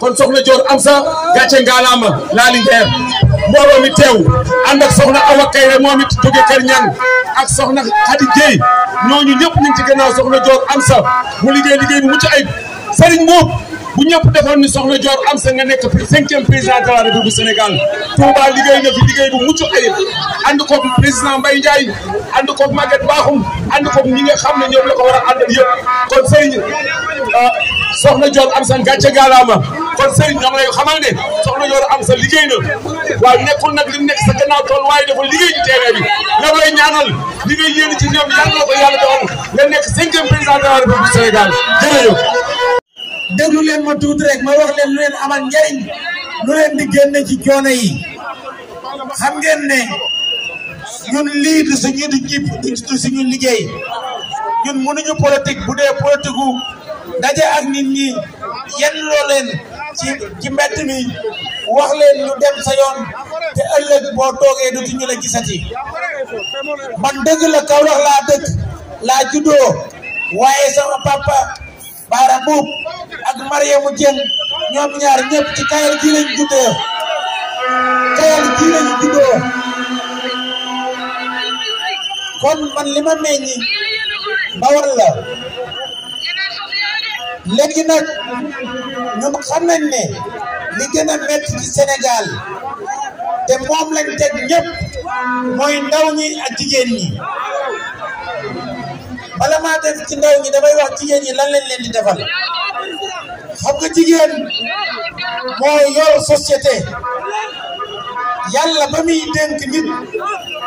kon soxna Dior am sa gàcce ngaalaama laa lingeer mbooloo mi teew ànd ak soxna Awa Kayre moom it jóge Kër Ñang ak soxna Khady Gueye ñooñu ñëpp ñu ngi ci gannaaw soxna Dior am sa mu liggéey liggéey bu mucc ayib Serigne Mboup bu ñëpp defoon ni soxna Dior am sa nga nekk cinquième président de la République du Sénégal Touba liggéey na fi liggéey bu mucc ayib ànd koog président Mbaye Ndiaye ànd koog Maguette Bakhoum ànd koog ñi nga xam ne ñoom la ko war a àndal yëpp kon Serigne euh, soxna Dior am sa gàcce ngaalaama kon sëriñ xam lay xamal ne soxna Yoro am sa liggéey na waaye nekkul nag li nekk sa gannaaw tool waaye dafa liggéey ci terrain bi ñoo lay ñaanal li ci ñoom yàlla na ko yàlla doon nga nekk cinquième président de la République du Sénégal jërëjëf. déglu leen ma tuuti rek ma wax leen lu leen amal njariñ ci coono yi xam ngeen ne ñun lii du suñu liggéey ñun mënuñu politique bu dee politique gu daje ak nit ñi yenn loo leen. ci ci mbedd mi wax leen ñu dem sa te ëllëg boo toogee du ñu la gisati man dëgg la Kaolack laa dëkk laa juddoo waaye sama papa Baara ak Mariamu Jeng ñoom ñaar ñëpp ci Kayal gi juddoo kon man li ma meññi Bawol léegi nag ñun xam nañ ne li gën a métti ci Sénégal te moom lañ teg ñëpp mooy ndaw ñi ak jigéen ñi bala maa def ci ndaw ñi damay wax jigéen ñi lan lañ leen di defal xam nga jigéen moo yor société yàlla ba muy dénk nit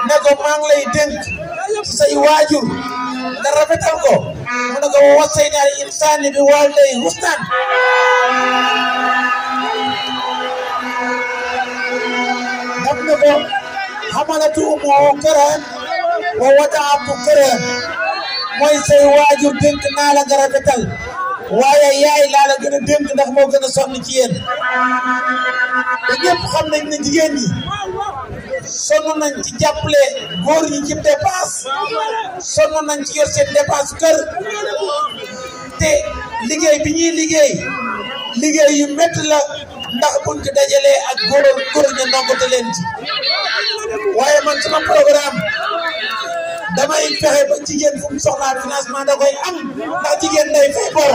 ne ko maa ngi lay dénk say nga rafetal ko mu ne ko wa wassaynaa al insaana bi waalidayhi husnan daf ne ko hamalatu ummuhu kurhan wa wadaatu kurhan mooy say waajur dénk naa la nga rafetal waaye yaay laa la gën a dénk ndax moo gën a sonn ci yéen te ñëpp xam nañ ne jigéen ñi sonn nañ ci jàppale góor ñi ci dépense sonn nañ ci yor seen dépense kër te liggéey bi ñuy liggéey liggéey yu métti la ndax buñ ko dajalee ak góor góor ña nangatu leen ci waaye man sama programme damay fexe ba jigéen fu mu soxlaa financement da koy am ndax jigéen day fay bor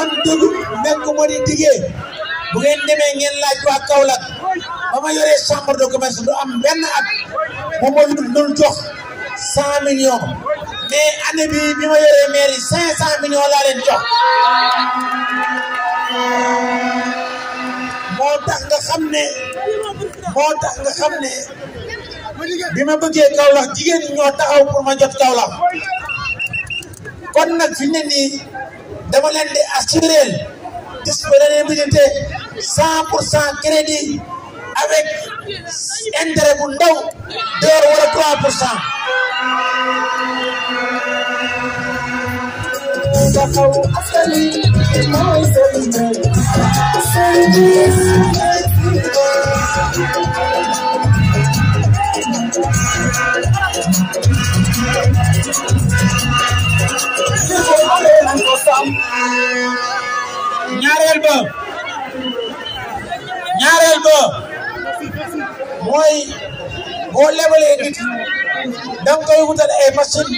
man dëgg nekk moo di diggee bu ngeen demee ngeen laaj waa Kaolack ba ma yoree chambre de commerce am benn at moom moo ñu doon jox cent millions mais année bi bi ma yoree mairie cinq cent millions laa moo tax nga xam ne moo tax nga xam ne bi ma bëggee Kaolack jigéen ñi ñoo taxaw pour ma jot Kaolack kon nag fi ne dama leen di assurer disponibilité cent pour cent crédit avec intérêt bu ndaw deux wala trois pour cent taxawu askan wi mooy seen ñaareel ba mooy boo lebalee nit da nga koy wutal ay machine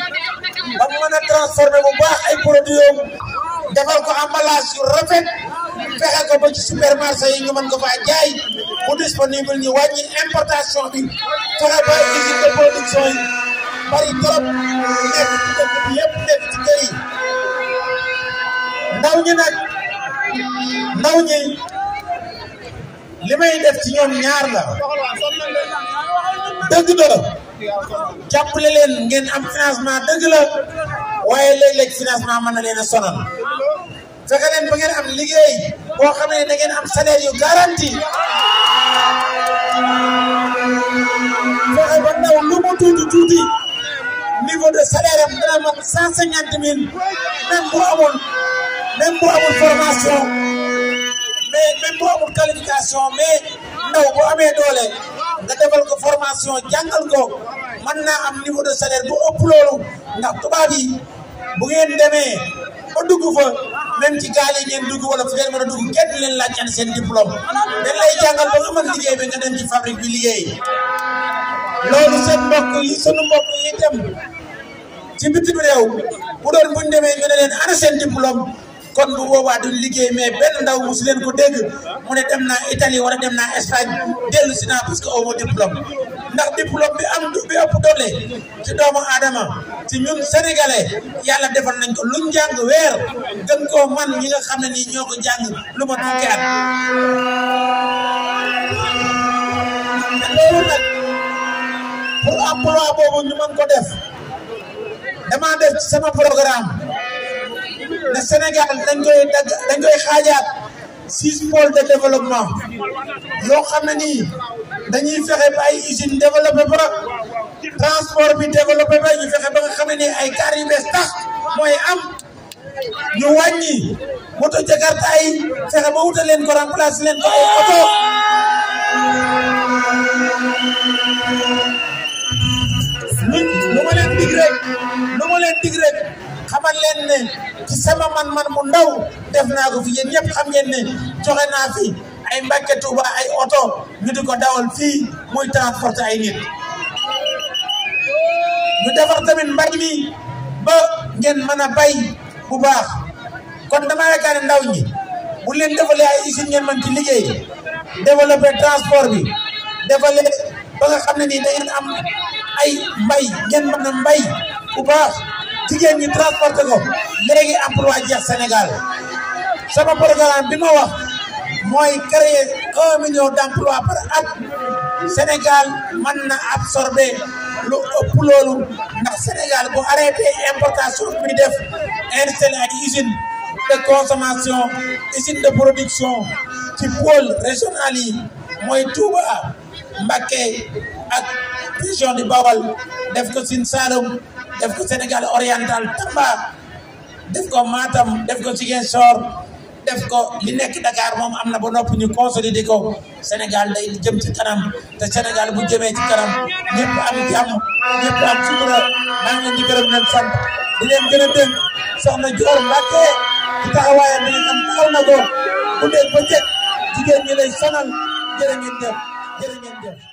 ba mën a transformé bu baax ay produit am defal ko emballage yu rafet fexe ko ba ci supermarché yi ñu ko faa jaay mu disponible ñu wàññi importation bi fexe ba usine de production yi bari trop nekk ci dëkk bi ndaw ñi nag ndaw ñi li may def ci ñoom ñaar la dëgg la jàppale leen ngeen am financement dëgg la waaye léeg-léeg financement mën na leen a sonal fexe leen ba ngeen am liggéey boo xam ne ngeen am salaire yu garanti fexe ba ndaw lu mu tuuti tuuti niveau de salaire am dana mat cent cinquante mille même amul même bu amul formation. amee même bu amul qualification mais ndaw bu amee doole nga defal ko formation jàngal ko mën naa am niveau de salaire bu ëpp loolu ndax tubaab yi bu ngeen demee ba dugg fa même ci gaal yi ngeen dugg wala fu ngeen mën a dugg kenn leen laajte seen diplôme dañ lay jàngal ba nga mën liggéey bi nga dem ci fabrique bi liggéey loolu seen mbokk yi sunu mbokk yi dem ci bitim réew bu doon buñ demee ñu ne leen seen diplôme. kon bu boobaa duñ liggéey mais benn ndaw musu leen ko dégg mu ne dem naa Italie wala dem naa Espagne dellu si naa parce que aw ma diplôme ndax diplôme bi am bi ëpp doole ci doomu aadama ci ñun yàlla defal nañ ko luñ jàng weer gën koo man ñi nga xam ne nii ñoo ko jàng lu ma tukkee at loolu nag boobu ñu ma ko def dama def sama programme ne Sénégal dañ koy dañ koy xaajaat six pôles de développement yoo xam ne ni dañuy fexe ba ay usines développé transport bi développé ba ñu fexe ba nga xam na nii ay car yu bees tax mooy am ñu wàññi moto jakarta yi fexe ba wutal leen ko remplace leen ko oto lu ma leen dig rek lu leen dig rek xamal leen ne sama man-man mu ndaw def naa ko fi yéen ñëpp xam ngeen ne joxe naa fi ay Mbàkke Tuuba ay oto ñu di ko dawal fii muy transporter ay nit ñu defar tamit mbay mi ba ngeen mën a bay bu baax kon dama yaakaar ndaw ñi bu leen defalee ay usine ngeen mën ci liggéey développé transport bi defalee ba nga xam ne nii da am ay mbay ngeen mën a mbay bu baax jigéen ñi transporté ko léegi emploi jeex Sénégal sama programme bi ma wax mooy créer un million d'emploi par at Sénégal mën na absorber lu ëpp loolu ndax Sénégal bu arrêté importation bi def installé ak usine de consommation usine de production ci pôle régional mooy Touba Mbacké ak région du Bawol def ko Sine Saloum def ko Sénégal oriental Tamba def ko Matam def ko Ziguinchor def ko li nekk Dakar moom am na ba noppi ñu consolider ko Sénégal day jëm ci kanam te Sénégal bu jëmee ci kanam ñëpp am jàmm ñëpp am sutura maa ngi leen di gërëm leen sant di leen gën a dégg soxna Dior Mbacke ci taxawaayam bi nga xam na ko bu ba njëkk jigéen ñi lay sonal jërë ngeen